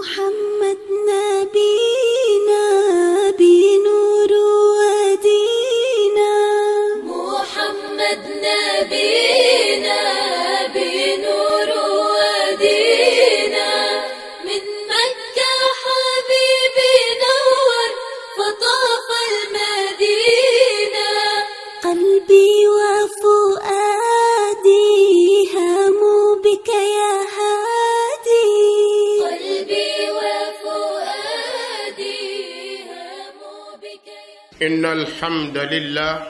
محمد نبي إن الحمد لله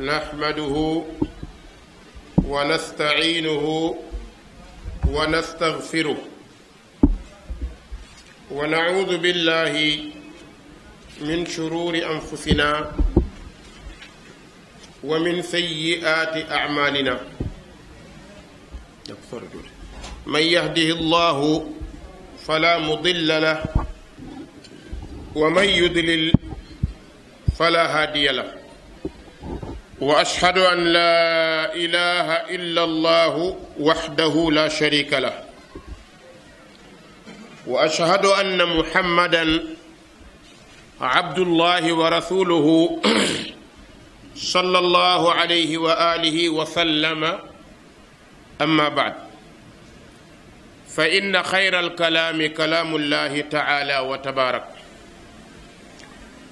نحمده ونستعينه ونستغفره ونعوذ بالله من شرور أنفسنا ومن سيئات أعمالنا من يهده الله فلا مضل له ومن يضلل فلا هادي له واشهد ان لا اله الا الله وحده لا شريك له واشهد ان محمدا عبد الله ورسوله صلى الله عليه واله وسلم اما بعد فان خير الكلام كلام الله تعالى وتبارك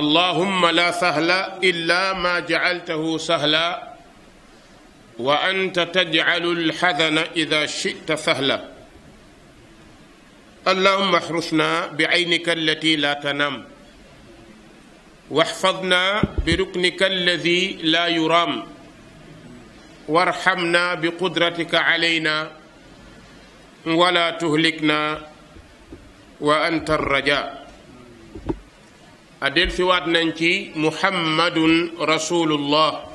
allahumma la sahla illa ma jacaltahu sahla wa anta tajcalu alxadana ida chita sahla allahumma axrusna bicaynika allati la tanaam waxfadna biruknika alladi la yuraam warxamna biqudratika calayna wala tuhlikna wa anta arrajaa a delsiwaat nañ ci muhammadun rasulullah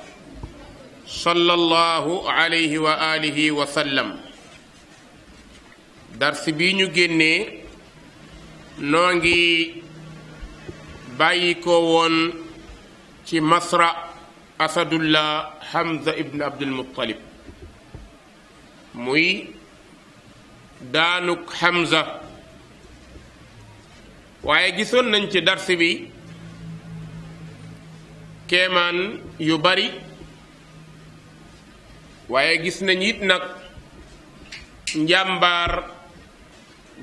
sallallahu alayhi wa alihi wa sallam darsi bi ñu génnee noo ngi bàyyi ko woon ci masra asadullah hamza ibn abdul muttalib muy daanuk hamza waaye gisoon nañ ci darsi bi kemaan yu bari waaye gis nañ it nag njàmbaar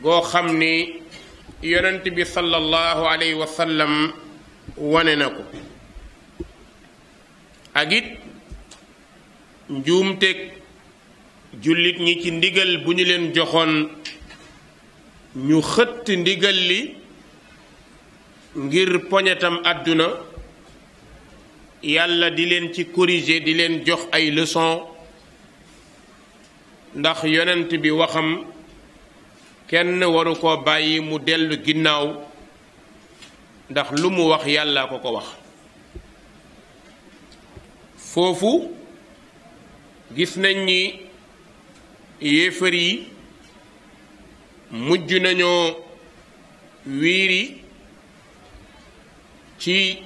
goo xam ni yonent bi sallallahu alayhi wa sallam na ko ak it njuumteg jullit ñi ci ndigal bu ñu leen joxoon ñu xët ndigal li ngir poñetam àdduna yàlla di leen ci corriger di leen jox ay leçons ndax yonent bi waxam kenn waru ko bàyyi mu dellu ginnaaw ndax lu mu wax yàlla ko ko wax foofu gis nañ ni yéefar yi mujj nañoo wiiri ci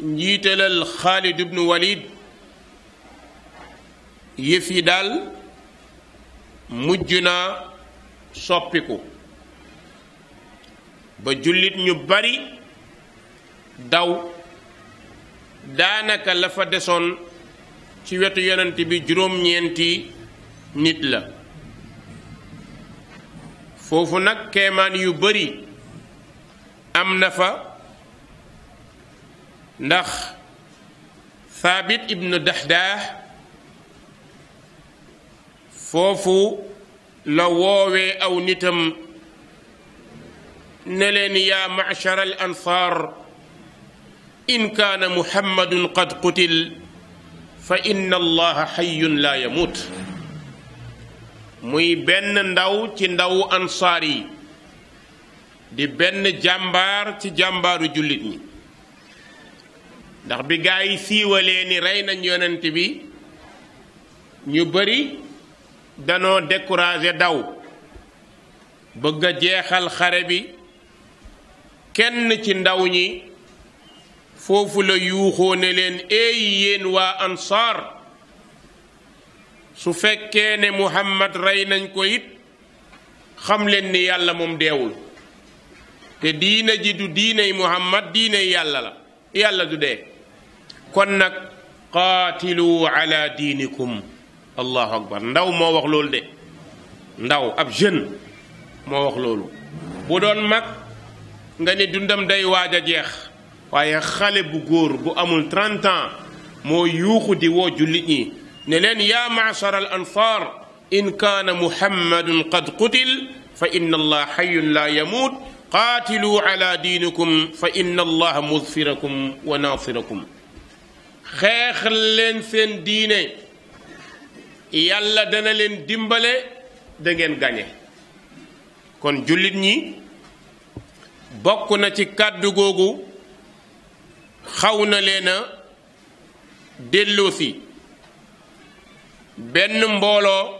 njiitalal Xaalid ibnu Walid yëf yi daal mujj naa soppiku ba jullit ñu bari daw daanaka la fa desoon ci wetu yonent bi juróom-ñeenti nit la foofu nag keemaan yu bari am na fa ndax thabit ibnu dahdah foofu la woowe aw nitam ne leen yaa machara al ansaar in kaana muhammadun qad qutil fa inna allaha xayun laa yamuut muy benn ndaw ci ndawu ansaar di benn jàmbaar ci jàmbaaru jullit ñi ndax bi gaa yi siiwalee ni rey nañ yonent bi ñu bari danoo découragé daw bëgg a jeexal xare bi kenn ci ndaw ñi foofu la yuuxoo ne leen eey yéen waa ansaar su fekkee ne muhammad rey nañ ko it xam leen ni yàlla moom deewul te diina ji du diinay muhammad diinay yàlla la yàlla du dee kon nag qaatilu ala diinikum allahu akbar ndaw moo wax loolu de ndaw ab jeune moo wax loolu bu doon mag nga ne dundam day waaj a jeex waaye xale bu góor bu amul 30 ans moo yuuxu di woo jullit ñi ne leen yaa maachar al ansaar in kaana muhammadun qad qutil fa inna allah xayun laa yamuut qaatilu ala diinikum fa inna allah mudfirakum wa naasirakum xeex leen seen diine yàlla dana leen dimbale dangeen gañe kon jullit ñi bokk na ci kàddu googu xaw na leen a delloosi benn mbooloo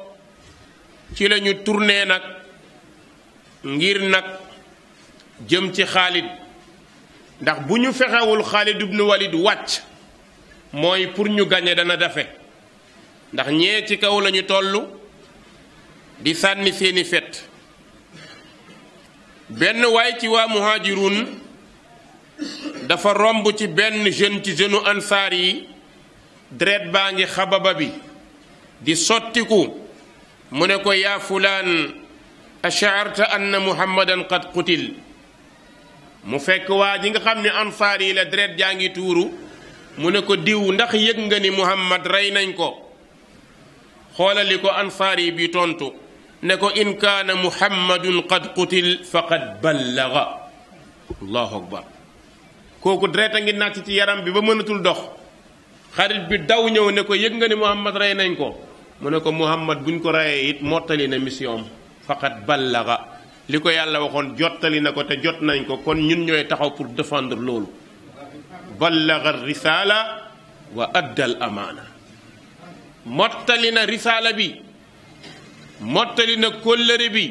ci lañu ñu nag ngir nag jëm ci Xaalid ndax bu ñu fexewul Xaalid ibnu Walid wàcc mooy pour ñu gañe dana dafe ndax ñee ci kaw lañu tollu di sànni seeni fet benn waay ci waa muhajirun dafa romb ci benn jeune ci jeune ansaar yi deret baa ngi xababa bi di sottiku mu ne ko yaa fulaan ashaarta anna muhammadan qad qutil mu fekk waa ji nga xam ne ansaar yi la deret jaa ngi tuuru mu ne ko diw ndax yëg nga ni muhammad rey nañ ko xoolali ko ansaar yi bi tontu ne ko in kaana muhammadun qad qutil faqad ballaga allahu akbar kooku deret a ngi nàcc ci yaram bi ba mënatul dox xarit bi daw ñëw ne ko yëg nga ni muhammad rey nañ ko mu ne ko muhammad buñ ko reyee it mottali na mission faqad ballaga li ko yàlla waxoon jottali na ko te jot nañ ko kon ñun ñooy taxaw pour défendre loolu ballaga risaala wa addal amaana mottali na risaala bi mottali na kóllëre bi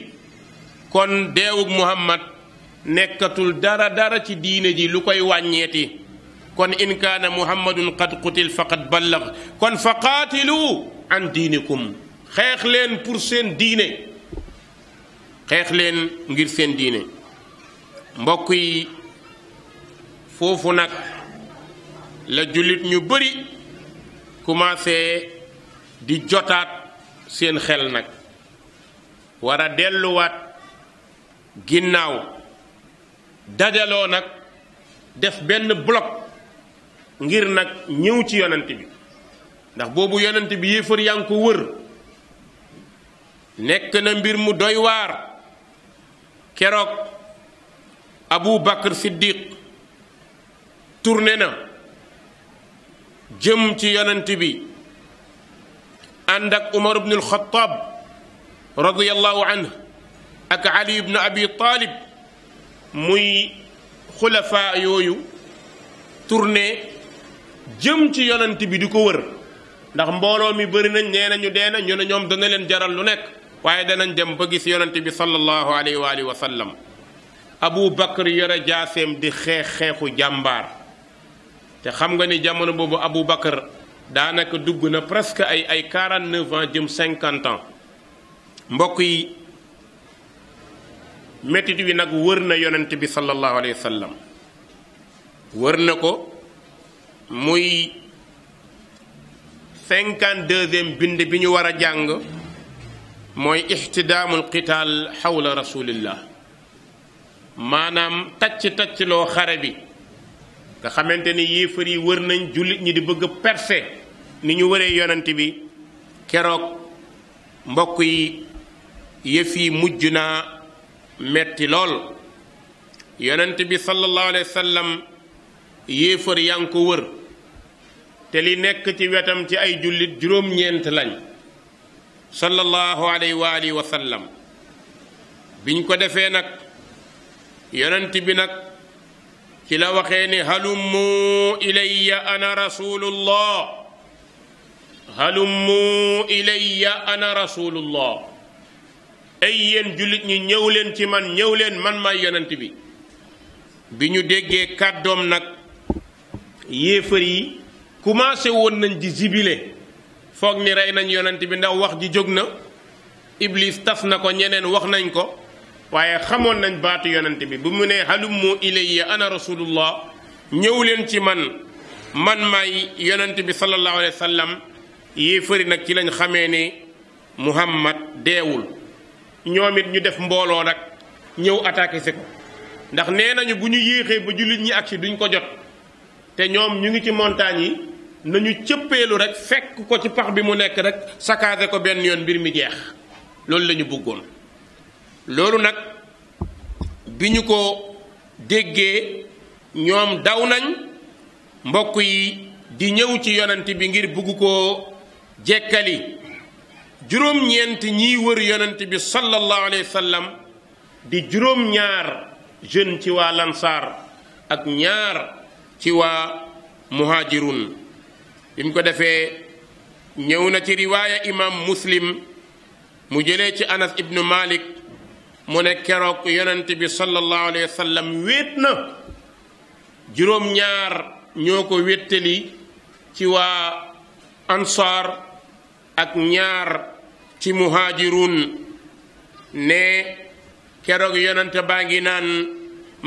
kon deewug muhammad nekkatul dara dara ci diine ji lu koy wàññeeti kon in kaana muhammadun qad qutil faqad ballag kon fa qaatilu an diinikum xeex leen pour seen diine xeex leen ngir seen diine mbokk yi foofu nag la jullit ñu bari commencé di jotaat seen xel nag war delluwaat ginnaaw dajaloo nag def benn bloc ngir nag ñëw ci yonent bi ndax boobu yonant bi yéefar yaa ko wër nekk na mbir mu doy waar keroog Abu Bakr Siddiq tourné na jëm ci yonent bi ànd ak umar ibn alxataab radiallahu anhu ak ali ibn abi taalib muy xulafaa yooyu tourné jëm ci yonent bi di ko wër ndax mbooloo mi bëri nañ nee nañu dee na ñu ne ñoom dana leen jaral lu nekk waaye danañ dem ba gis yonent bi sallallahu alayhi wa alihi wa sallam abu bakar yore jaaseem di xeex xeexu jàmbaar te xam nga ni jamono boobu Abu Bakar daanaka dugg na presque ay ay 49 ans jëm 50 ans mbokk yi metit wi nag wër na yonant bi sallallahu alayhi wa wër na ko muy cinquante e bind bi ñu war a jàng mooy ixtidaamul qitaal xawla rasulillah maanaam tacc tacc xare bi nga xamante ni yéefar yi wër nañ jullit ñi di bëgg a ni ñu waree yonent bi keroog mbokk yi yëf yi mujj na metti lool yonent bi sallallahu alayhi wa yéefar yaa ngi ko wër te li nekk ci wetam ci ay jullit juróom-ñeent lañ sallallahu alayhi wa alihi wa ko defee nag yonent bi nag ci la waxee ne halummu ilayya ana rasulullah halummu ilayya ana rasulullah ay yéen jullit ñi ñëw leen ci man ñëw leen man maay yonant bi bi ñu déggee kàddoom nag yéefar yi commencé woon nañ di jibile foog ni rey nañ yonant bi ndax wax ji jóg na iblis tas na ko ñeneen wax nañ ko waaye xamoon nañ baatu yonent bi bu mu nee halummu ilayya ana rasulullah ñëw leen ci man man may yonent bi sallallahu alayhi wa sallam yéefari nag ci lañ xamee ni muhammad deewul ñoom it ñu def mbooloo nag ñëw attaqué ko ndax nee nañu bu ñu yéexee ba jullit ñi agsi duñ ko jot te ñoom ñu ngi ci montagne yi nañu cëppeelu rek fekk ko ci pax bi mu nekk rek saccagé ko benn yoon mbir mi jeex loolu lañu ñu bëggoon loolu nag bi ñu ko déggee ñoom daw nañ mbokk yi di ñëw ci yonent bi ngir bugg koo jekkali juróom-ñeent ñiy wër yonent bi sallallahu alayhi wa di juróom-ñaar jeune ci waa lansaar ak ñaar ci waa muhajirun bi mu ko defee ñëw na ci riwaaya imam muslim mu jëlee ci anas ibnu malik mu ne keroog yonent bi sallallahu alayhi wa wéet na juróom-ñaar ñoo ko wéttali ci waa ansaar ak ñaar ci muhaajiruun ne keroog yonent baa ngi naan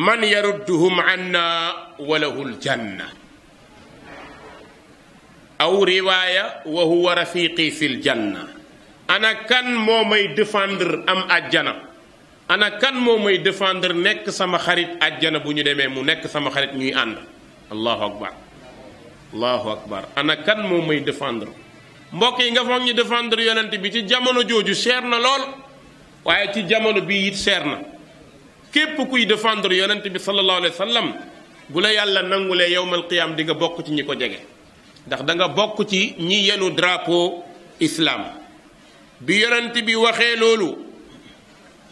man yarudduhum anna walahul janna aw riwaaya wa huwa rafiqi fil janna ana kan moo may défendre am àjjana ana kan moo may défendre nekk sama xarit àjjana bu ñu demee mu nekk sama xarit ñuy ànd allahu akbar allahu akbar ana kan moo may défendre mbokk yi nga foog ñu défendre yonent bi ci jamono jooju seer na lool waaye ci jamono bii it seer na képp kuy défendre yonent bi sallallahu alayhi wa sallam bu la yàlla nangulee yowmal qiyaam di nga bokk ci ñi ko jege ndax danga bokk ci ñi yenu drapeau islam bi yonent bi waxee loolu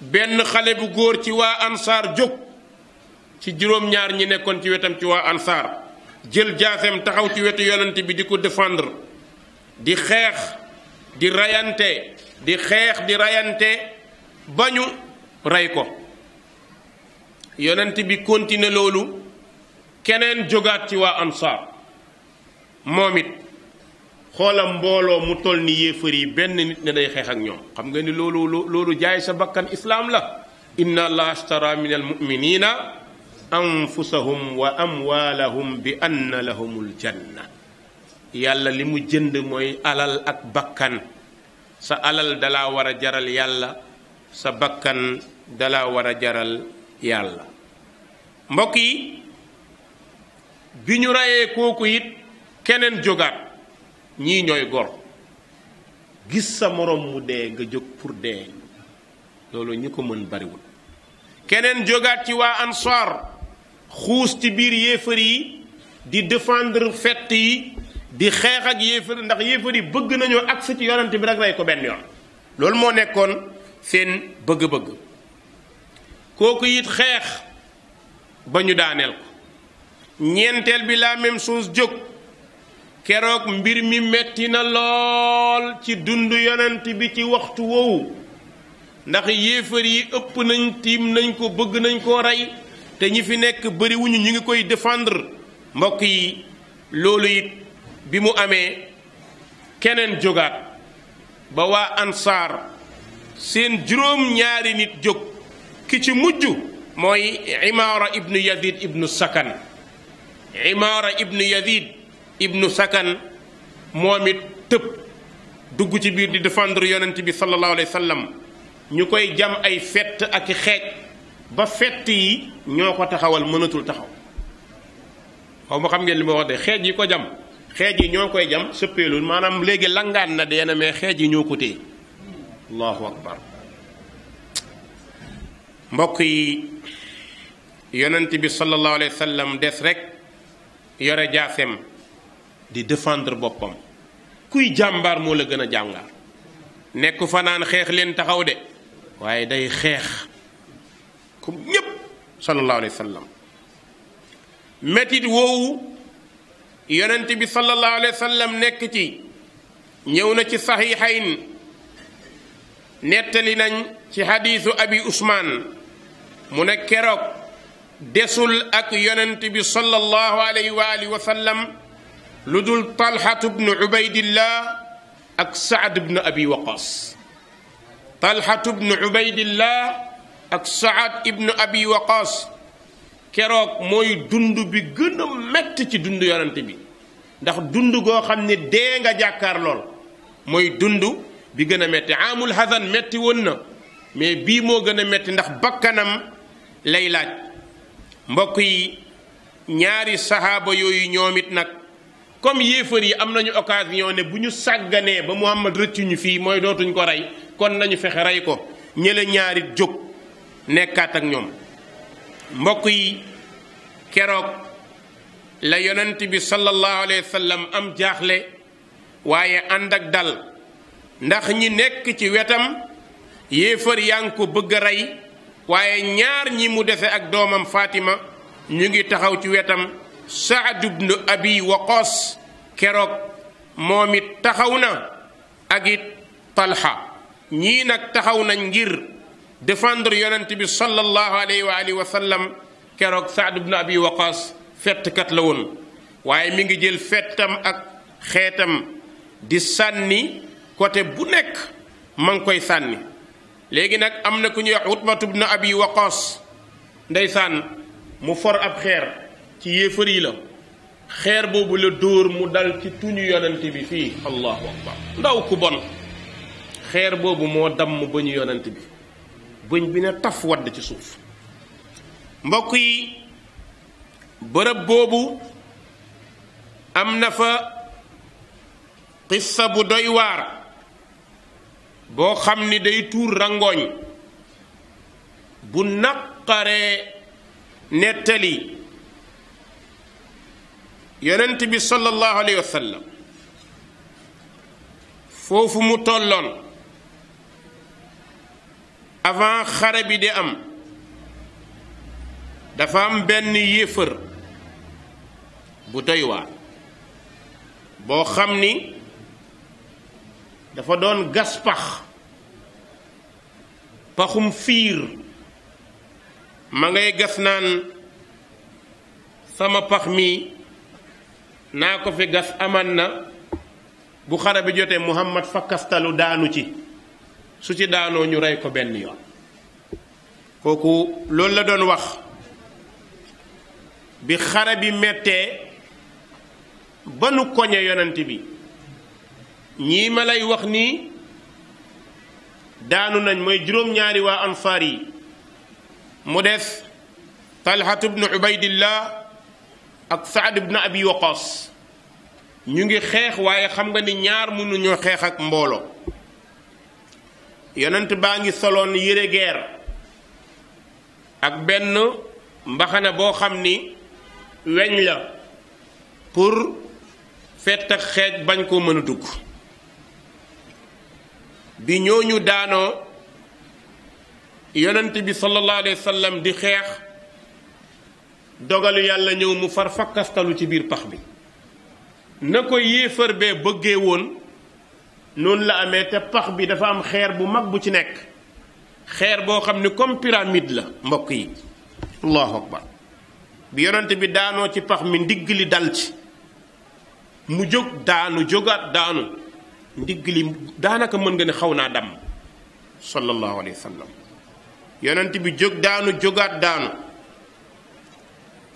benn xale bu góor ci waa ansaar jóg ci juróom-ñaar ñi nekkoon ci wetam ci waa ansaar jël jaaseem taxaw ci wetu yonent bi di ko défendre di xeex di rayante di xeex di rayante ba ñu rey ko yonent bi continuer loolu keneen jógaat ci waa ansaar moom it xoolam mbooloo mu toll ni yéefar yi benn nit ne day xeex ak ñoom xam nga ni loolu loolu jaay sa bakkan islaam la inna allaha ashtara min almuminina anfusahum wa amwalahum bi anna lahumul janna yàlla li mu jënd mooy alal ak bakkan sa alal dalaa war a jaral yàlla sa bakkan dalaa war a jaral yàlla mbokk yi bi ñu rayee kooku it keneen jógaat ñii ñooy gor gis sa moroom mu dee nga jóg pour dee loolu ñi ko mën bariwul keneen jógaat ci waa ansoir xuus ci biir yéefar yi di défendre fett yi di xeex ak yéefar ndax yéefar yi bëgg nañoo agsi ci yonent bi rek rey ko benn yoon loolu moo nekkoon seen bëgg-bëgg kooku it xeex ba ñu daaneel ko ñeenteel bi la même chose jóg keroog mbir mi metti na lool ci dund yonent bi ci waxtu woowu ndax yéefar yi ëpp nañ tiim nañ ko bëgg nañ koo rey te ñi fi nekk bariwuñu ñu ngi koy défendre mbokk yi loolu it bi mu amee keneen jógaat ba waa ansaar seen juróom-ñaari nit jóg ki ci mujj mooy imaara ibnu yazid ibnu sakkan imaara ibnu yazid ibnu sakan moom it tëb dugg ci biir di défendre yonent bi sallallahu alayhi wa ñu koy jam ay fett ak xeej ba fett yi ñoo ko taxawal mënatul taxaw xaw ma xam ngeen li ma wax de xeej yi ko jam xeej yi ñoo koy jam sëppeelul maanaam léegi langaan na dee na mais yi ñoo ko téye allahu akbar mbokk yi yonent bi sallallahu alayhi wa des rek yore jaaseem di défendre boppam kuy jàmbaar moo la gën a jàmbaar nekku fanaan xeex leen taxaw de waaye day xeex comme ñépp sallallahu alayhi wa sallam woowu yonent bi sallallahu alayhi nekk ci ñëw na ci saxiixayn nettali nañ ci xadiisu abi usmaan mu ne keroog desul ak yonent bi sallallahu alayhi wa lu dul talxatu bnu ubaydillah ak saad bnu abi waqaas talxatu bnu ubaydillah ak saad ibnu abi waqaas keroog mooy dund bi gën a métti ci dund yonante bi ndax dund goo xam ni dee nga jàkkaar lool mooy dund bi gën a métti amul hasan métti woon na mais bii moo gën a metti ndax bakkanam lay laaj mbokk yi ñaari sahaaba yooyu ñoom it nag comme yéefar yi am nañu occasion ne bu ñu sàgganee ba mu Muhammad rëccuñu fii mooy dootuñu ko rey kon nañu fexe rey ko ñële ñaari jóg nekkaat ak ñoom mbokk yi keroog la yonent bi sallallahu alayhi wa am jaaxle waaye ànd ak dal ndax ñi nekk ci wetam yéefar yaa ngi ko bëgg a rey waaye ñaar ñi mu dese ak doomam faatima ñu ngi taxaw ci wetam saad ibnu abi waqaas keroog moom it taxaw na ak it talxa ñii nag taxaw nañ ngir défendre yonent bi sallallahu alayhi wa alihi keroog saad ibnu abi waqaas fettkat la woon waaye mi ngi jël fettam ak xeetam di sànni côté bu nekk ma ngi koy sànni léegi nag am na ku ñuy wax utbatu ibnu abi waqaas ndeysaan mu for ab xeer ci yéefar yi la xeer boobu la dóor mu dal ci tuñu yonante bi fii allahu akbar ndaw ku bon xeer boobu moo damm bëñu yonante bi bëñ bi ne taf wadd ci suuf mbokk yi bërëb boobu am na fa xissa bu doy waar boo xam ni day tuur rangooñ bu naqaree nettali yonent bi sallallahu alayhi wa foofu mu tolloon avant xare bi di am dafa am benn yéefër bu doy boo xam ni dafa doon gas pax paxum fiir ma ngay gas naan sama pax mi naa ko fi gas aman na bu xare bi jotee Muhammad fakkastalu daanu ci su ci daanoo ñu rey ko benn yoon kooku loolu la doon wax bi xare bi mettee ba nu koñe yonent bi ñii ma lay wax nii daanu nañ mooy juróom-ñaari waa ansaar yi mu des talhatu bnu ubaydillah ak Saad ibn Abi Waqaas ñu ngi xeex waaye xam nga ni ñaar mënuñoo xeex ak mbooloo yonent baa ngi soloon yére guerre ak benn mbaxana boo xam ni weñ la pour fett ak xeej bañ koo mën a dugg bi ñooñu daanoo yonent bi sallallahu alayhi wa di xeex dogalu yàlla ñëw mu far fakkastalu ci biir pax bi na ko yéefar bee bëggee woon noonu la amee te pax bi dafa am xeer bu mag bu ci nekk xeer boo xam ni comme pyramide la mbokk yi allahu akbar bi yonent bi daanoo ci pax mi ndigg li mu jóg daanu jógaat daanu daanaka mën nga ne xaw naa damm sallallahu alayhi wa yonent bi jóg daanu jógaat daanu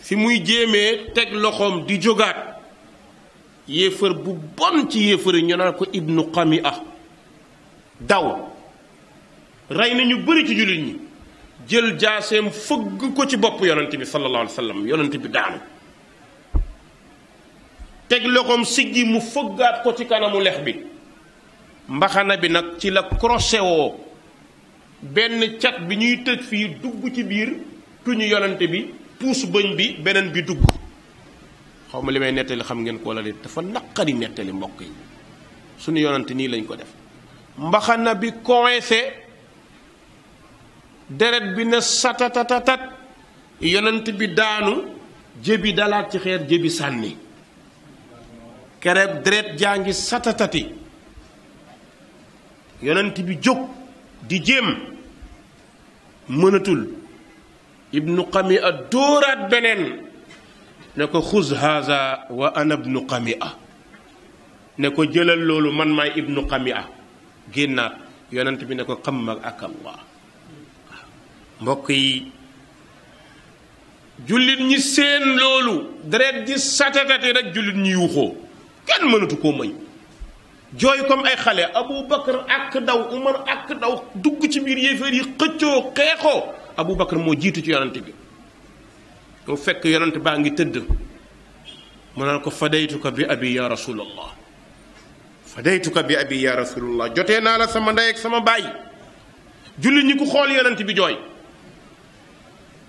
fi muy jéemee teg loxoom di jógaat yéefar bu bon ci yéefar yi ñu ko ibnu Qami'a daw rey na ñu bari ci jullit ñi jël jaaseem fëgg ko ci bopp yonent bi sallallahu alayhi wa sallam bi daanu teg loxoom siggi mu fëggaat ko ci kanamu lex bi mbaxana bi nag ci la crochet benn cat bi ñuy tëj fii dugg ci biir tuñu yonent bi puus bëñ bi beneen bi dugg xaw ma li may nettali xam ngeen ko la de dafa naqari nettali mbokk yi suñu yonante nii lañ ko def mbaxana bi coincé deret bi ne satatatatat yonant bi daanu jébi dalaat ci xeer jébi sànni kereeb deret jaa ngi satatati yonant bi jóg di jéem mënatul ibnu qami'a dóoraat beneen ne ko xuz wa ana ibnu qami'a ne ko jëlal loolu man maay ibnu qami'a génnaat yonent bi ne ko xamma ak allah mbokk yi jullit ñi seen loolu deret ji satatati rek jullit ñi yuuxoo kenn mënatu koo may jooy comme ay xale abou bakar ak daw umar ak daw dugg ci biir yéeféer yi xëccoo xeexoo abu Aboubacar moo jiitu ci yonante bi mu fekk yonante baa ngi tëdd mu naan ko fadaytuka bi abi ya rasulallah fadaytuka bi abi ya rasulallah jotee naa la sama ndey ak sama baay jullit ñi ku xool yonante bi jooy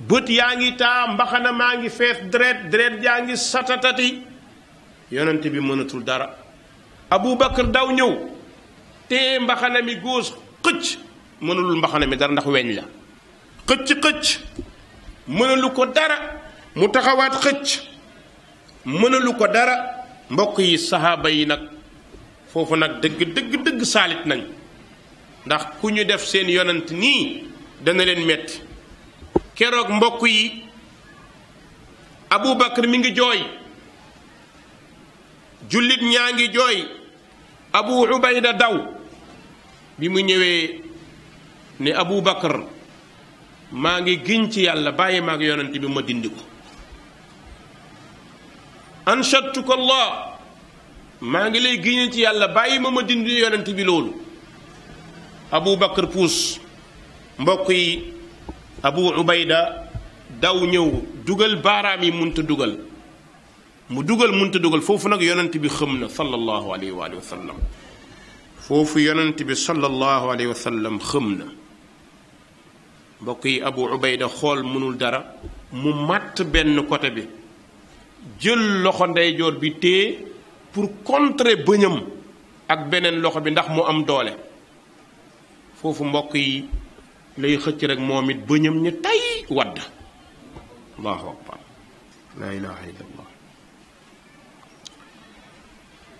bët yaa ngi taa mbaxana maa ngi fees deret deret yaa ngi satatati yonante bi mënatul dara abu Aboubacar daw ñëw te mbaxana mi góos xëcc mënulul mbaxana mi dara ndax weñ la xëcc xëcc mënalu ko dara mu taxawaat xëcc mënalu ko dara mbokk yi saxaaba yi nag foofu nag dëgg dëgg dëgg saalit nañ ndax ku ñu def seen yonant nii dana leen metti keroog mbokk yi Abu Bakar mi ngi jooy jullit ñaa ngi jooy Abu Ubayda daw bi mu ñëwee ne Abu Bakar maa ngi giñ ci yàlla bàyyi maag yonent bi ma dindi ko anshadtuka allah maa ngi lay giñe ci yàlla bàyyi ma ma dindi yonent bi loolu abu puus mbokk yi abu ubayda daw ñëw dugal baaraam yi munta dugal mu dugal munta dugal foofu nag yonent bi xëm na sallallahu alayhi wa sallam foofu yonent bi sallallahu alayhi wa sallam xëm na mbokk yi abu ubayda xool mënul dara mu màtt benn côté bi jël loxo ndeyjoor bi téye pour contrer bëñam ak beneen loxo bi ndax mu am doole foofu mbokk yi lay xëcc rek moom it bëñam ñu tey wadd allahu laa ilaha illallah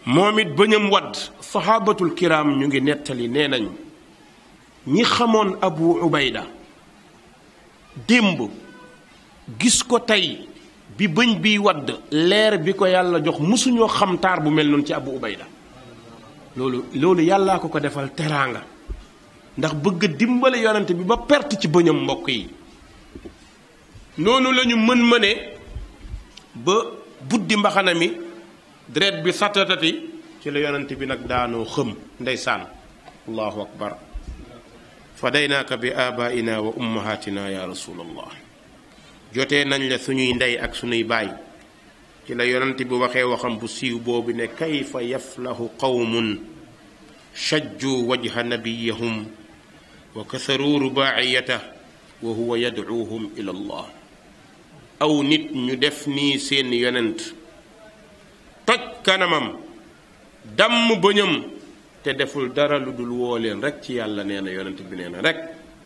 moom it bëñam wadd sahabatul kiram ñu ngi nettali nee nañ ñi xamoon abu ubayda démb gis ko tey bi bëñ biy wadd leer bi ko yàlla jox mosuñoo xam taar bu mel noonu ci abu ubayda loolu loolu yàllaa ko ko defal teraanga ndax bëgg a dimbale bi ba perte ci bëñam mbokk yi noonu lañu mën mëne ba buddi mbaxana mi deret bi satatati ci la yonent bi nag daanoo xëm ndeysaan allahu akbar fadaynaaka bi abaina wa ummahatina ya rasulallah jotee nañ la suñuy ndey ak suñuy baay ci la yonent bi waxe waxam bu siiw boobu ne kayfa yaflahu qawmun shajju wajha nabiyahum wa kasaru rubaaciyata wa huwa yadcuuhum ila allah aw nit ñu def nii seen yonent toj kanamam damm bëñam te deful dara lu dul woo leen rek ci yàlla nee na yonent bi nee na rek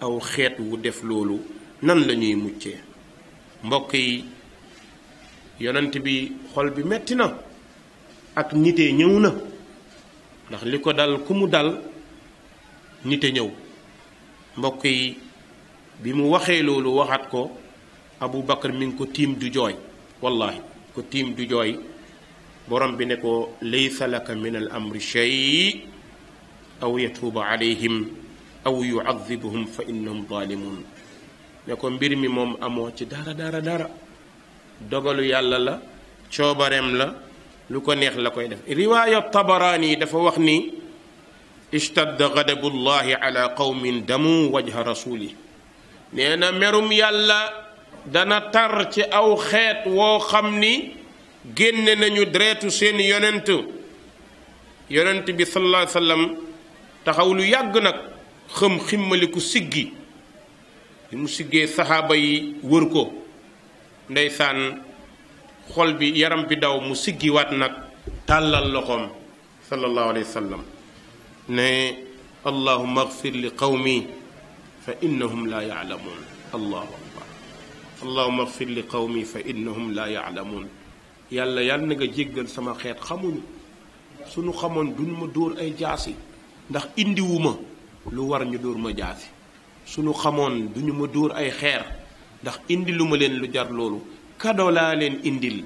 aw xeet wu def loolu nan lañuy muccee mbokk yi yonent bi xol bi metti na ak nite ñëw na ndax li ko dal ku mu dal nite ñëw mbokk yi bi mu waxee loolu waxaat ko Abu Bakar mi ngi ko tiim du jooy wallahi ko tiim du jooy borom bi ne ko laysa laka min al amri aw yatuuba alayhim aw yuadibuhum fa innahum zalimun ne ko mbir mi moom amoo ci dara dara dara dogalu yàlla la coobareem la lu ko neex la koy def riwaaya tabaraani dafa wax ni ishtadda gadabu llahi ala qawmin damu wajha rasuli nee na merum yàlla dana tar ci aw xeet woo xam ni génn nañu deretu seen yonent yonent bi sallallahu alayhi taxaw lu yàgg nag xëm ximmaliku siggi li mu siggee saxaaba yi wër ko ndeysaan xol bi yaram bi daw mu siggiwaat nag tàllal loxoom sallallahu alayhi wa ne allahuma agfir li qawmi fa innahum la yaalamuun allahu akbar allahuma agfir li qawmi fa innahum la yaalamuun yàlla yàlla na nga jéggal sama xeet xamuñu suñu xamoon duñu ma dóor ay jaasi ndax indiwuma lu war ñu dóor ma jaasi suñu xamoon duñu ma duur ay xeer ndax indiluma leen lu jar loolu kado laa leen indil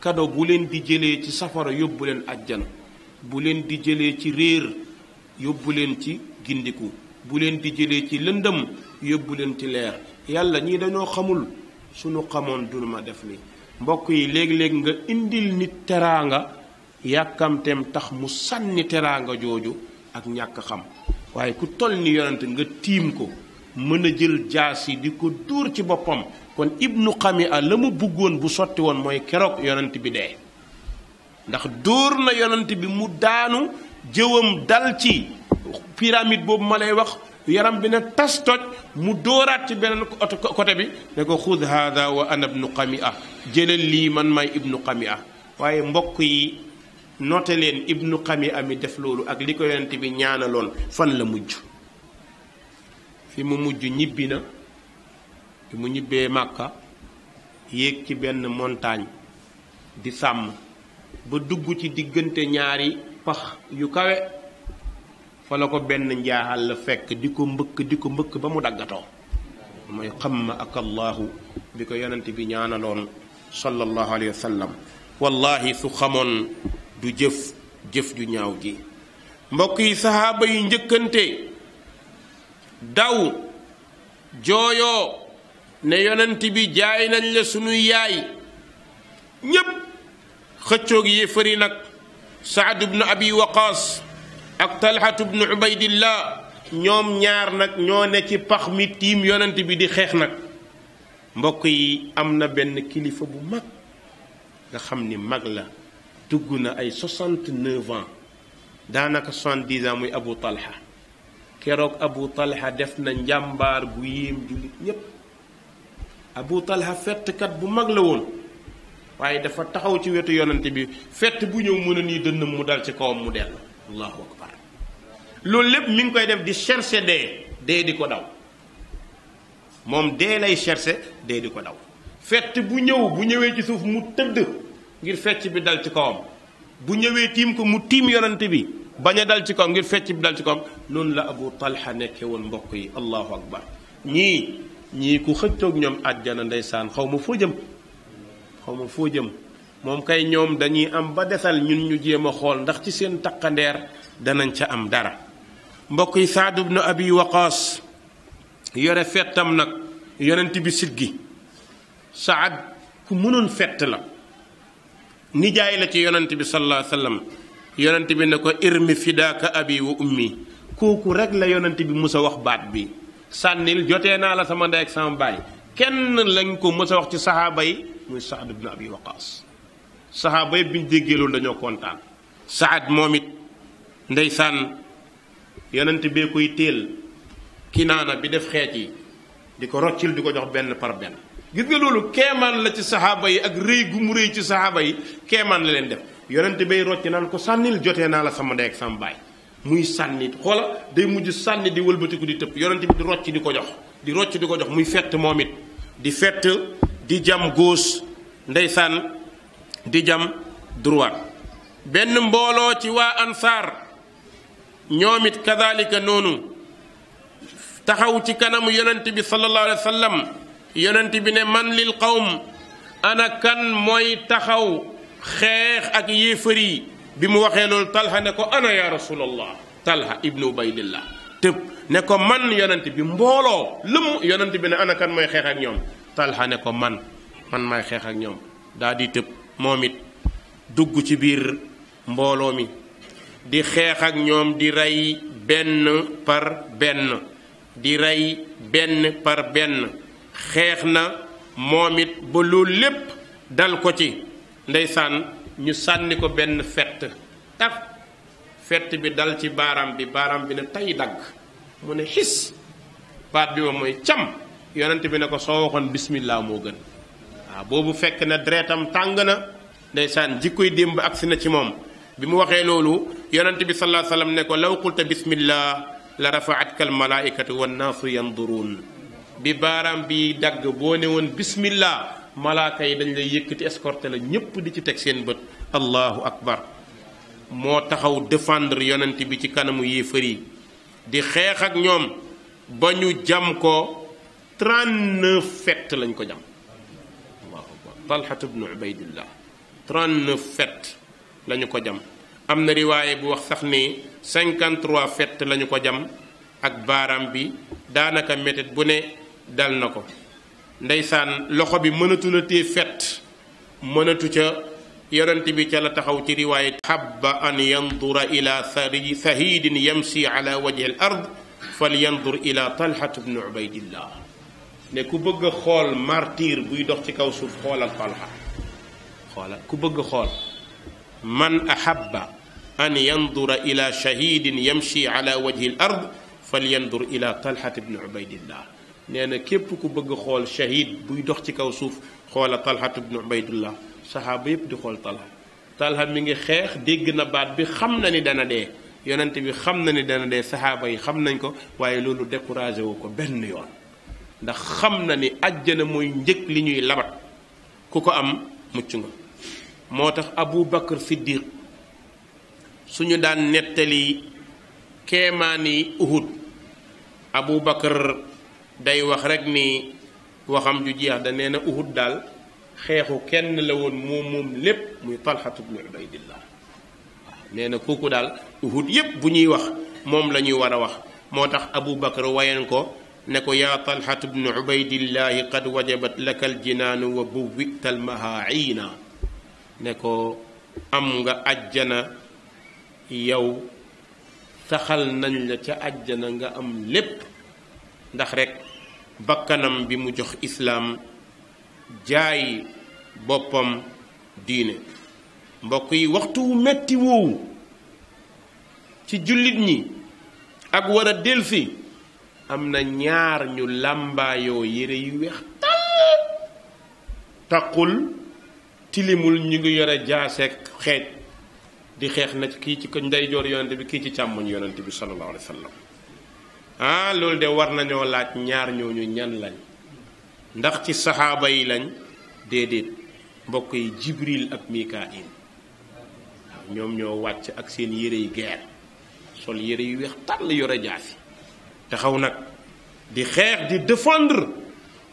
kado bu leen di jëlee ci safara yóbbu leen ajjana bu leen di jëlee ci réer yóbbu leen ci gindiku bu leen di jëlee ci lëndëm yóbbu leen ci leer yàlla ñii dañoo xamul suñu xamoon duñu ma def ni mbokk yi léeg-léeg nga indil nit teraanga yàkkamteem tax mu sànni teraanga jooju ak ñàkk xam waaye ku toll ni yonent nga tiim ko mën a jël jaas yi di ko dóor ci boppam kon ibnu xamia la mu buggoon bu sotti woon mooy keroog yonent bi dee ndax dóor na yonent bi mu daanu jëwam dal ci pyramide boobu ma lay wax yaram bi ne tas toj mu dóoraat ci beneen oto bi ne ko xud haada wa ana ibnu xamia jëlal lii man may ibnu xamia waaye mbokk yi note leen ibnu xami ami def loolu ak li ko yonent bi ñaanaloon fan la mujj fi mu mujj ñibbi na fi mu ñibbee màkka yéeg ci benn montagne di sàmm ba dugg ci diggante ñaari pax yu kawe fa la ko benn njaaxal la fekk di ko mbëkk di ko mbëkk ba mu daggatoo mooy xam ma ak allahu bi ko yonent bi ñaanaloon sallallahu alayhi wa wallahi su xamoon du jëf jëf ju ñaaw ji mbokk yi saxaaba yu njëkkante daw jooyoo ne yonent bi jaay nañ la sunuy yaay ñépp xëccoog yéefari nag saad ibnu abi waqaas ak talxatu ibnu ubaydillah ñoom ñaar nag ñoo ne ci pax mi tiim yonent bi di xeex nag mbokk yi am na benn kilifa bu mag nga xam ni mag la dugg na ay 69 ans daanaka 70 ans muy Abu Talha keroog Abu Talha def na njàmbaar gu yéem jullit ñépp Abu Talha fettkat bu mag la woon waaye dafa taxaw ci wetu yonante bi fett bu ñëw mën a nii dënnam mu dal ci kawam mu dellu allahu akbar loolu lépp mi ngi koy def di chercher dee dee di ko daw moom dee lay chercher dee di ko daw fett bu ñëw bu ñëwee ci suuf mu tëdd ngir fecc bi dal ci kawam bu ñëwee tiim ko mu tiim yonante bi bañ a dal ci kawam ngir fecc bi dal ci kawam noonu la abu talha nekke woon mbokk yi allahu akbar ñii ñii ku xëccoog ñoom àjjana ndeysaan xaw ma foo jëm xaw ma foo moom kay ñoom dañuy am ba desal ñun ñu jéem a xool ndax ci seen taqandeer danañ ca am dara mbokk yi saad ibnu abi waqaas yore fettam nag yonent bi sit gi saad ku mënoon fett la nijaay la ci yonent bi sallallahu alayhi wa yonent bi ne ko irmi fidaaka abi wa ummi kooku rek la yonent bi musa wax baat bi sànnil jotee naa la sama ndey ak sama baay kenn lañ ko mës a wax ci saxaaba yi muy Saad ibn Abi Waqaas saxaaba yi bi ñu déggee dañoo kontaan Saad moom it ndeysaan yonent bee koy téel kinaana bi def xeet yi di ko roccil di ko jox benn par benn gis nga loolu keemaan la ci saxaaba yi ak rëy gu mu rëy ci saxaaba yi keemaan la leen def yonente bay rocci naan ko sànnil jotee naa la sama ndey ak sama baay muy sànni xoola day mujj sànni di wëlbatiku di tëpp yonente bi di rocc di ko jox di rocci di ko jox muy fett moom it di fett di jam gauche ndeysaan di jam droite benn mbooloo ci waa ansaar ñoom it kadalika noonu taxaw ci kanamu yonente bi sallallahu alayhi wa sallam yonent bi ne man lil qawm ana kan mooy taxaw xeex ak yéefar bi mu waxee loolu talha ne ko ana ya rasulallah talha ibnu ubaydillah tëb ne ko man yonent bi mbooloo lëmm yonent bi ne ana mooy xeex ak ñoom talha ne ko man man maay xeex ak ñoom daa di tëb moom it dugg ci biir mbooloo mi di xeex ak ñoom di rey benn par benn di rey benn par benn xeex na moom it ba loolu lépp dal ko ci ndeysaan ñu sànni ko benn fett taf fett bi dal ci baaraam bi baaraam bi ne tay dagg mu ne xis baat bi moom mooy cam yonent bi ne ko soo waxoon bismillah moo gën waaw boobu fekk na deretam tàng na ndeysaan jikkoy démb agsi na ci moom bi mu waxee loolu yonent bi sallallahu alayhi wa sallam ne ko law qulta bismillah la rafaatka al malaikatu wannaasu yanduruun bi baaraam bi dagg boo ne woon bismillah malaaka yi dañ lay yëkkati escorté la ñépp di ci teg seen bët allahu akbar moo taxaw défendre yonent bi ci kanamu yéefar yi di xeex ak ñoom ba ñu jam ko 39 fett lañ ko jam allahu akbar talhatu lañu ko jam am na riwaaye bu wax sax ni 53 fett lañu ko jam ak baaraam bi daanaka métit bu ne dal na ko ndeysaan loxo bi mënatu la tee fet mënatu ca yonent bi ca la taxaw ci riwaayé habba an yandura ila sari sahidin yamsi ala wajhi al ard fal yandur ila talhat bnu ubaydillah ne ku bëgg a xool martyr buy dox ci kaw suuf xoolal talha xoola ku bëgg xool man ahabba an yandura ila shahidin yamshi ala wajhi al ard fal yandur ila talhat bnu ubaydillah nee na képp ku bëgg xool shahid buy dox ci kaw suuf xoola talhat ibnu ubaydullah saxaaba yépp di xool talha talha mi ngi xeex dégg na baat bi xam na ni dana dee yonent bi xam na ni dana dee saxaaba yi xam nañ ko waaye loolu découragé wu ko benn yoon ndax xam na ni àjjana mooy njëkk li ñuy labat ku ko am mucc nga moo tax abu bakar siddiq suñu daan nettali keemaani uhud abu bakar day wax rek ni waxam ju jeex da nee na uhud daal xeexu kenn la woon moom moom lépp muy talxatu bnu ubaydillah nee na kooku daal uhud yépp bu ñuy wax moom la ñuy war a wax moo tax abu bakar wayen ko ne ko yaa talxatu bnu ubaydillahi qad wajabat laka aljinaanu wa buwita almahaaina ne ko am nga ajjana yow saxal nañ la ca ajjana nga am lépp ndax rek bakkanam bi mu jox islaam jaay boppam diine mbokk yi waxtu wu metti woowu ci jullit ñi ak wara a am na ñaar ñu làmbaayoo yére yu weex tal taqul tilimul ñu ngi yore jaaseeg xeej di xeex na kii ci ndeyjoor yonent bi kii ci càmmoñ yonent bi sallallahu alayhi ah loolu de war nañoo laaj ñaar ñooñu ñan lañ ndax ci saxaaba yi lañ déedéet mbokk yi jibril ak mikail ñoom ñoo wàcc ak seen yére yu geer sol yére yu weex tàll yore jaasi taxaw nag di xeex di défendre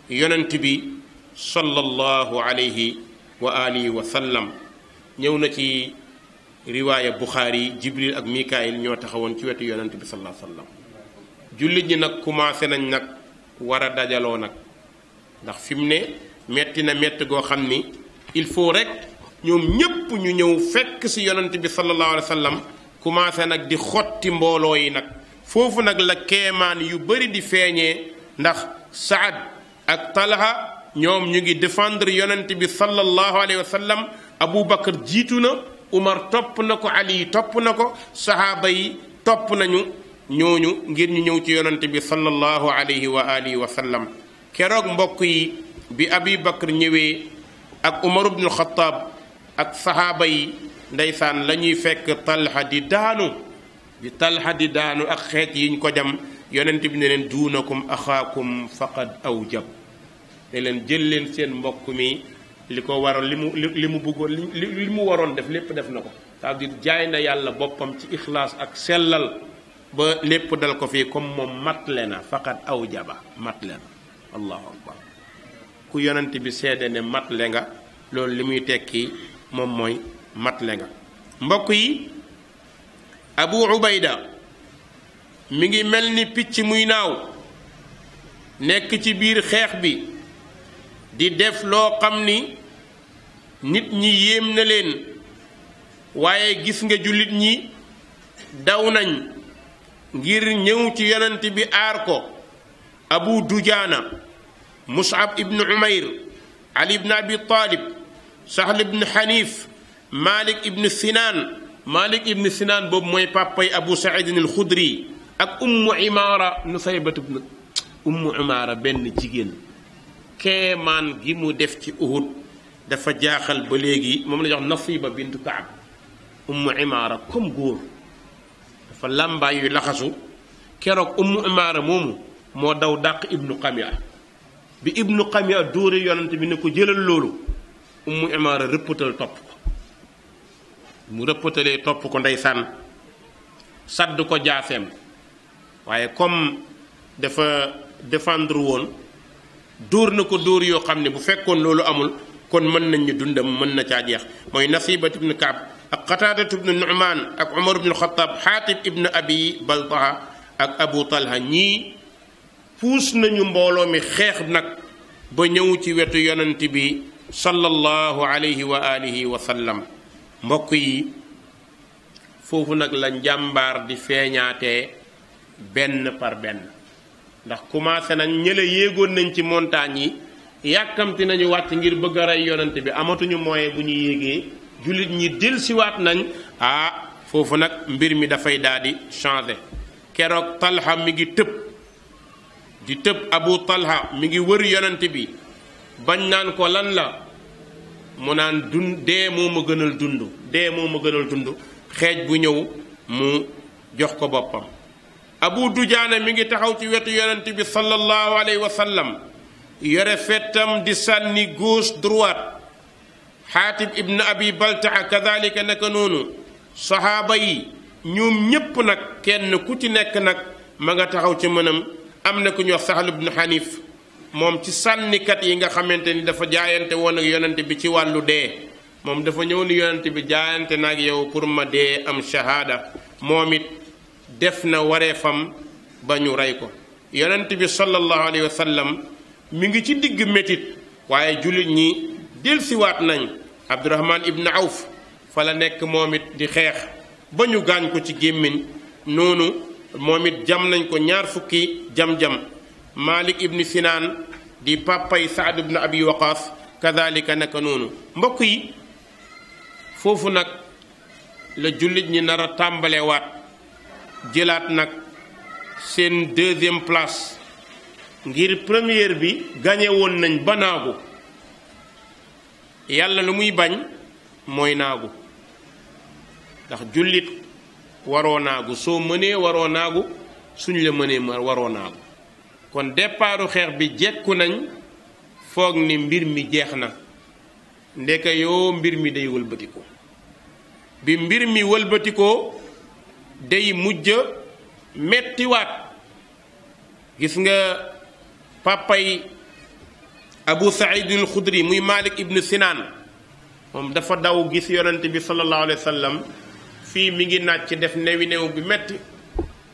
yonent bi sallallahu alayhi wa alihi wa sallam ñëw na ci riwaaya buxaari yi jibril ak mikail ñoo taxawoon ci wetu yonent bi sallallahu sallam jullit ñi nag commencé nañ nag war a dajaloo nag ndax fi mu ne metti na metti goo xam ni il faut rek ñoom ñépp ñu ñëw fekk ci yonent bi sallallahu alayhi wa sallam commencé nag di xotti mbooloo yi nag foofu nag la kemaan yu bari di feeñee ndax Saad ak Talha ñoom ñu ngi défendre yonent bi sallallahu alayhi wa sallam Abu Bakar jiitu na Umar topp na ko Ali topp na ko sahaaba yi topp nañu ñooñu ngir ñu ñëw ci yonant bi sallallahu alayhi wa alihi wa mbokk yi bi abi bakr ñëwee ak umar ibnul xataab ak saxaaba yi ndeysaan lañuy fekk talxa di daanu bi talxa di daanu ak xeec yiñ ko jam yonant bi ne leen duunakum axaakum faqad awjab ne leen jël leen seen mbokk mi li ko waral li mu li mu bëggoon li mu waroon def lépp def na ko cest jaay na yàlla boppam ci ixlaas ak sellal ba lépp dal ko fii comme moom matle na faqat aw jaba matle na allahu akbar ku yonent bi seede ne matle nga loolu li muy tekki moom mooy matle nga mbokk yi abu ubayda mu ngi mel ni picc muy naaw nekk ci biir xeex bi di def loo xam ni nit ñi yéem na leen waaye gis nga jullit ñi daw nañ ngir ñëw ci yonent bi aar ko abu dujaana mus'ab ibn umayr ali ibn abi talib sahl ibn hanif malik ibn sinaan malik ibn sinaan boobu mooy pàppay abu saidin al xudri ak ummu imaara nusaybat ibn ummu imaara benn jigéen keemaan gi mu def ci uhud dafa jaaxal ba léegi moom la jox nasiba bintu kaab ummu imaara comme góor fa làmbaay yu laxasu keroog ummu imaara moomu moo daw dàq ibnu xamiya bi ibnu xamiya dóore yonante bi ne ko jëlal loolu ummu imaara rëppatal topp ko mu rëppatalee topp ko sànn sadd ko jaaseem waaye comme dafa defendre woon dóor na ko dóor yoo xam ne bu fekkoon loolu amul kon mën nañ ñu dundam mën na caa jeex mooy nasibat ibnu kaab ak qataadatu ibnu nu'maan ak umar ibnu xataab xaatib ibnu abi baltaa ak abu talha ñii puus nañu mbooloo mi xeex nag ba ñëw ci wetu yonent bi sallallahu alayhi wa alihi wa sallam mbokk yi foofu nag la njàmbaar di feeñaate benn par benn ndax commencé nañ ñële yéegoon nañ ci montagne yi yàkkamti nañu wàcc ngir bëgg a rey yonent bi amatuñu moyen bu ñu yéegee jullit ñi siwaat nañ ah foofu nag mbir mi dafay daal di keroog talha mi ngi tëb di tëb abu talha mi ngi wër yonent bi bañ naan ko lan la mu naan dun dee moo ma gënal dund dee moo ma gënal dund xeej bu ñëw mu jox ko boppam abu dujaana mi ngi taxaw ci wetu yonent bi sallallahu alayhi wa yore fettam di sànni góos droite xaatib ibn abi baltaa kadalika naka noonu saxaaba yi ñoom ñépp nag kenn ku ci nekk nag ma nga taxaw ci mënam am na ku ñuy wax saxal ibn xanif moom ci sànnikat yi nga xamante ni dafa jaayante woon ak yonent bi ci wàllu dee moom dafa ñëw ni yonent bi jaayante nag yow pour ma dee am shahaada moom it def na wareefam ba ñu rey ko yonent bi sallallahu alayhi wa sallam mi ngi ci digg métit waaye jullit ñi delsiwaat nañ abdurahmaan ibn awf fa la nekk moom it di xeex ba ñu gaañ ko ci gémmiñ noonu moom it jam nañ ko ñaar fukki jam-jam malik ibn sinaan di pàppay saad ibn abi waqaas kadalika naka noonu mbokk yi foofu nag la jullit ñi nar tàmbalewaat jëlaat nag seen deuxième place ngir première bi gañe woon nañ banaagu yàlla lu muy bañ mooy naagu ndax jullit waroo naagu soo mënee waroo naagu suñu la mënee waroo naagu kon départu xeex bi jekku nañ foog ni mbir mi jeex na ndeke yoo mbir mi day wëlbatikoo bi mbir mi wëlbatikoo day mujj mettiwaat gis nga pàppay abu saidin alxudri muy malik ibnu sinaan moom dafa daw gis yonent bi sallallahu alayhi wa fii mi ngi naaj ci def newi new bi metti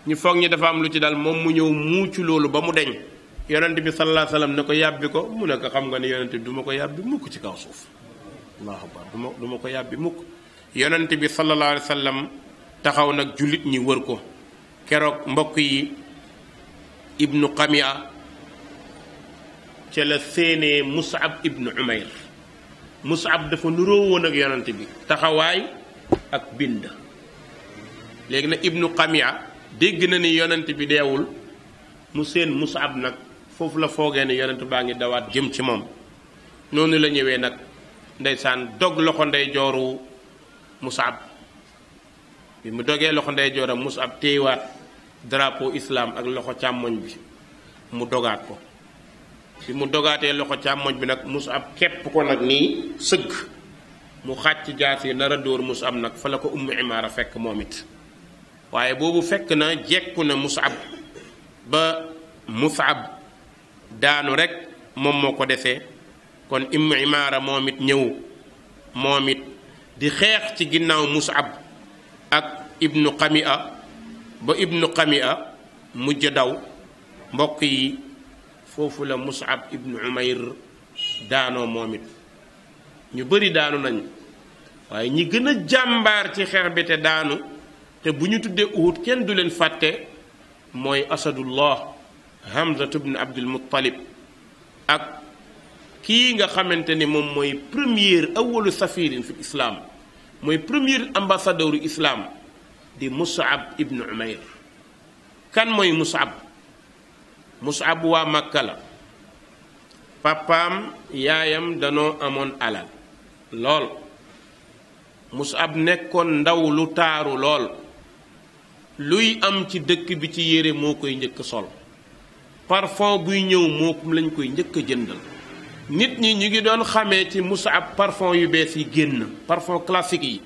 ñu foog ñi dafa am lu ci dal moom mu ñëw muucu loolu ba mu deñ yonent bi sallallahu alayhi wa ne ko yàbbi ko mu ne xam nga ne yonent bi ko yàbbi mukk ci kaw suuf ma ko yàbbi mukk yonent bi sallallahu sallam taxaw nag jullit ñi wër ko keroog mbokk yi ibnu qamia ca la séenee Mus'ab ibnu Umayr Mus'ab dafa nuroo woon ak yonent bi taxawaay ak bind léegi nag ibnu Qamiya dégg na ni yonent bi deewul mu seen Mus'ab nag foofu la foogee ne yonent baa ngi dawaat jëm ci moom noonu la ñëwee nag ndeysaan dog loxo ndey jooru Mus'ab bi mu dogee loxo ndey jooram Mus'ab téewaat drapeau islaam ak loxo càmmoñ bi mu dogaat ko bi mu dogaatee loxo càmmoñ bi nag Musab képp ko nag nii sëgg mu xàcc jaas yi nar a dóor Musab nag fa la ko Ummu Imaara fekk moom it waaye boobu fekk na jekku na Musab ba Musab daanu rekk moom moo ko defee kon Ummu Imaara moom it ñëw moom it di xeex ci ginnaaw Musab ak Ibnu Qami'a ba Ibnu Qami'a mujj daw mbokk yi foofu la Mus'ab ibnu Umayr daanoo moom it ñu bari daanu nañ waaye ñi gën a jàmbaar ci xeex bi te daanu te bu ñu tuddee Uhud kenn du leen fàtte mooy asadullah Hamzat ibnu Abdul Muttalib ak kii nga xamante ni moom mooy premier awalu safirin fi islaam mooy premier ambassadeuru islaam di Mus'ab ibnu Umayr kan mooy Mus'ab Mus'ab waa Makka la papaam yaayam danoo amoon alal lool Mus'ab nekkoon ndaw lu taaru lool luy am ci dëkk bi ci yére moo koy njëkk sol parfum buy ñëw mookum lañ koy njëkk a jëndal nit ñi ñu ngi doon xamee ci Mus'ab parfon yu bees yi génn parfum classique yi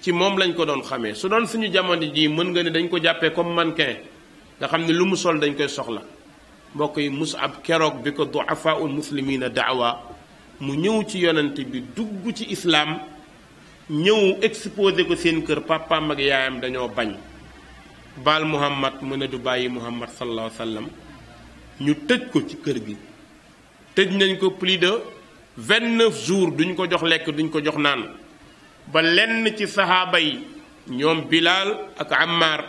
ci moom lañ ko doon xamee su doon suñu jamono jii mën nga ne dañ ko jàppee comme mannequin nga xam ne lu mu sol dañ koy soxla mbokk yi ab keroog bi ko duafaul muslimina daawa mu ñëw ci yonent bi dugg ci islaam ñëw exposé ko seen kër papaam ak yaayam dañoo bañ baal muhammad mu ne du bàyyi muhammad sallallahu alayhi wa sallam ñu tëj ko ci kër gi tëj nañ ko plus de vingt neuf jours duñ ko jox lekk duñ ko jox naan ba lenn ci saxaaba yi ñoom bilaal ak ammar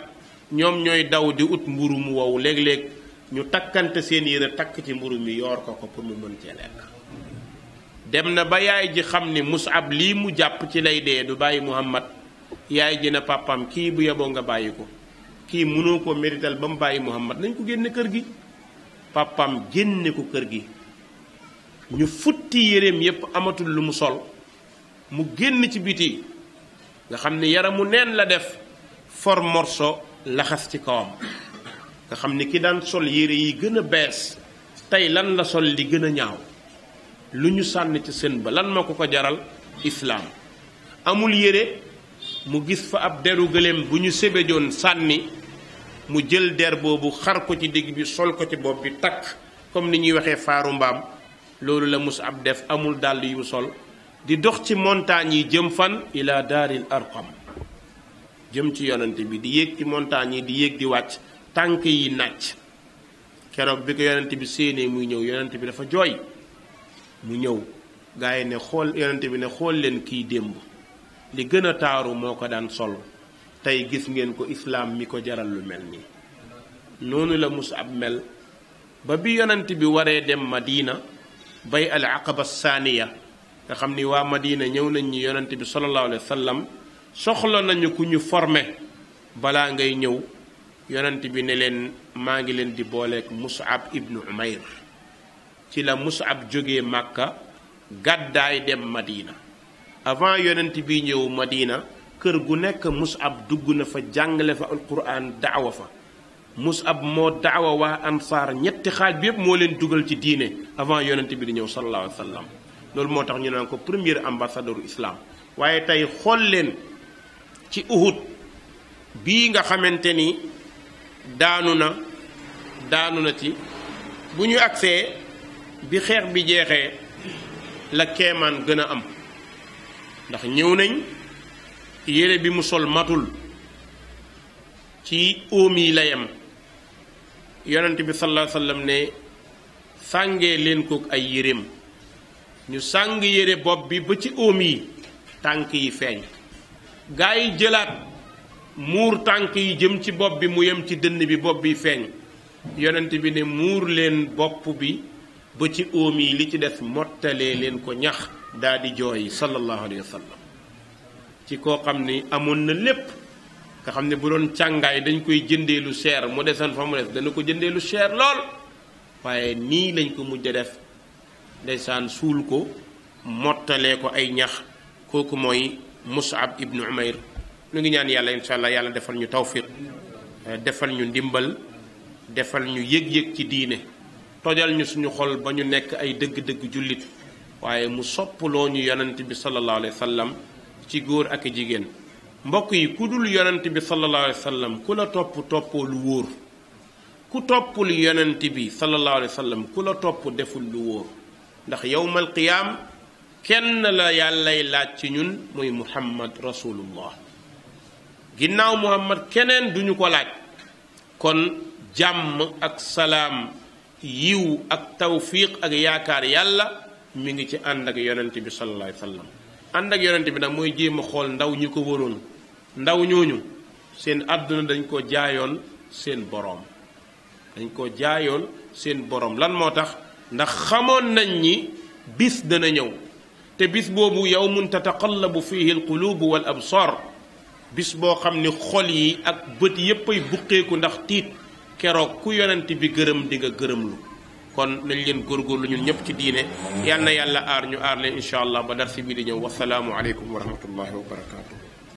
ñoom ñooy daw di ut mburu mu wow léeg-léeg ñu takkante seen yére takk ci mburu mi yoor ko ko pour mu mën cee lekk dem na ba yaay ji xam ni musab lii mu jàpp ci lay dee du bàyyi muhammad yaay ji na pàppam kii bu yeboo nga bàyyi ko kii mënoo ko mérital ba mu bàyyi muhammad nañ ko génne kër gi pàppam génne ko kër gi ñu futti yéreem yépp amatul lu mu sol mu génn ci biti nga xam ne yaramu neen la def for morso laxas ci kawam nga xam ni ki daan sol yére yi gën a bees tey lan la sol li gën a ñaaw lu ñu sànni ci sën ba lan moo ko ko jaral islaam amul yére mu gis fa ab deru gëléem bu ñu sebejoon sànni mu jël der boobu xar ko ci digg bi sol ko ci bopp bi takk comme ni ñuy waxee faaru mbaam loolu la mus ab def amul dàll yu sol di dox ci montagne yi jëm fan ila daaril arqam jëm ci yonante bi di yéeg ci montagne yi di yéeg di wàcc tànk yi naaj keroog bi ko yonent bi séenee muy ñëw yonent bi dafa jooy mu ñëw gaa yi ne xool bi ne xool leen kiy démb li gën a taaru moo ko daan sol tey gis ngeen ko islaam mi ko jaral lu mel nii noonu la mus ab mel ba bi yonent bi waree dem Madina bay al aqaba saaniya nga xam ni waa Madina ñëw nañ ñu yonent bi sallallahu alayhi wa sallam soxla nañu ku ñu forme balaa ngay ñëw yonent bi ne leen maa ngi leen di booleeg mus'ab ibnu umayr ci la mus'ab jóge màkka gàddaay dem madina avant yonant bi ñëw madina kër gu nekk mus'ab dugg na fa jàngale fa alquran daawa fa mus'ab moo daawa waa ansaar ñetti xaaj bi yépp moo leen dugal ci diine avant yonant bi di ñëw sallallahu alayhi wa loolu moo tax ñu naan ko premier ambassadeur islam waaye tey xool leen ci uhud bii nga xamante ni daanu na daanu na ci bu ñu agsee bi xeex bi jeexee la kemaan gën a am ndax ñëw nañ yére bi mu sol matul ci óom yi la yem yonent bi sallallahu wasallam ne sàngee leen kook ay yéreem ñu sàng yére bopp bi ba ci óom yi tànk yi feeñ gaa yi jëlaat muur tànk yi jëm ci bopp bi mu yem ci dënn bi bopp bi feeñ yonent bi ne muur leen bopp bi ba ci óom yi li ci des mottalee leen ko ñax daldi di jooy sallallahu alayhi wa sallam ci koo xam ni amoon na lépp nga xam ne bu doon càngaay dañ koy jëndee lu cher mu desoon fa mu des dana ko jëndee lu cher lool waaye nii lañ ko mujj a def ndeysaan suul ko mottalee ko ay ñax kooku mooy Mus'ab ibnu Umayr lu ngi ñaan yàlla incha yàlla defal ñu tawfiq defal ñu ndimbal defal ñu yëg-yëg ci diine tojal ñu suñu xol ba ñu nekk ay dëgg-dëgg jullit waaye mu soppaloo ñu yonent bi sallallahu alayhi wa sallam ci góor ak jigéen mbokk yi ku dul yonent bi sallallahu alayhi wa sallam ku la topp toppoo lu wóor ku toppul yonent bi sallallahu alayhi wa sallam ku la topp deful lu wóor ndax yowmal qiyaam kenn la yàllay laaj ci ñun muy muhammad rasulullah ginnaaw muhammad keneen duñu ko laaj kon jàmm ak salaam yiw ak tawfiq ak yaakaar yàlla mu ngi ci ànd ak yonent bi sallallahu alayhi wa sallam ànd ak yonent bi nag mooy jéem a xool ndaw ñi ko waroon ndaw ñooñu seen àdduna dañ ko jaayoon seen boroom dañ ko jaayoon seen boroom lan moo tax ndax xamoon nañ ni bis dana ñëw te bis boobu yow mun yawmun tataqallabu fihi alqulubu wal sor bis boo xam ne xol yi ak bët ay buqeeku ndax tiit keroog ku yonent bi gërëm di nga gërëmlu kon nañ leen góor góor lu ñu ñëpp ci diine yal yàlla aar ñu aar leen incha allah ba dar si bii di ñëw wasalaamu aleykum wa rahmatullahi wa barakaatu.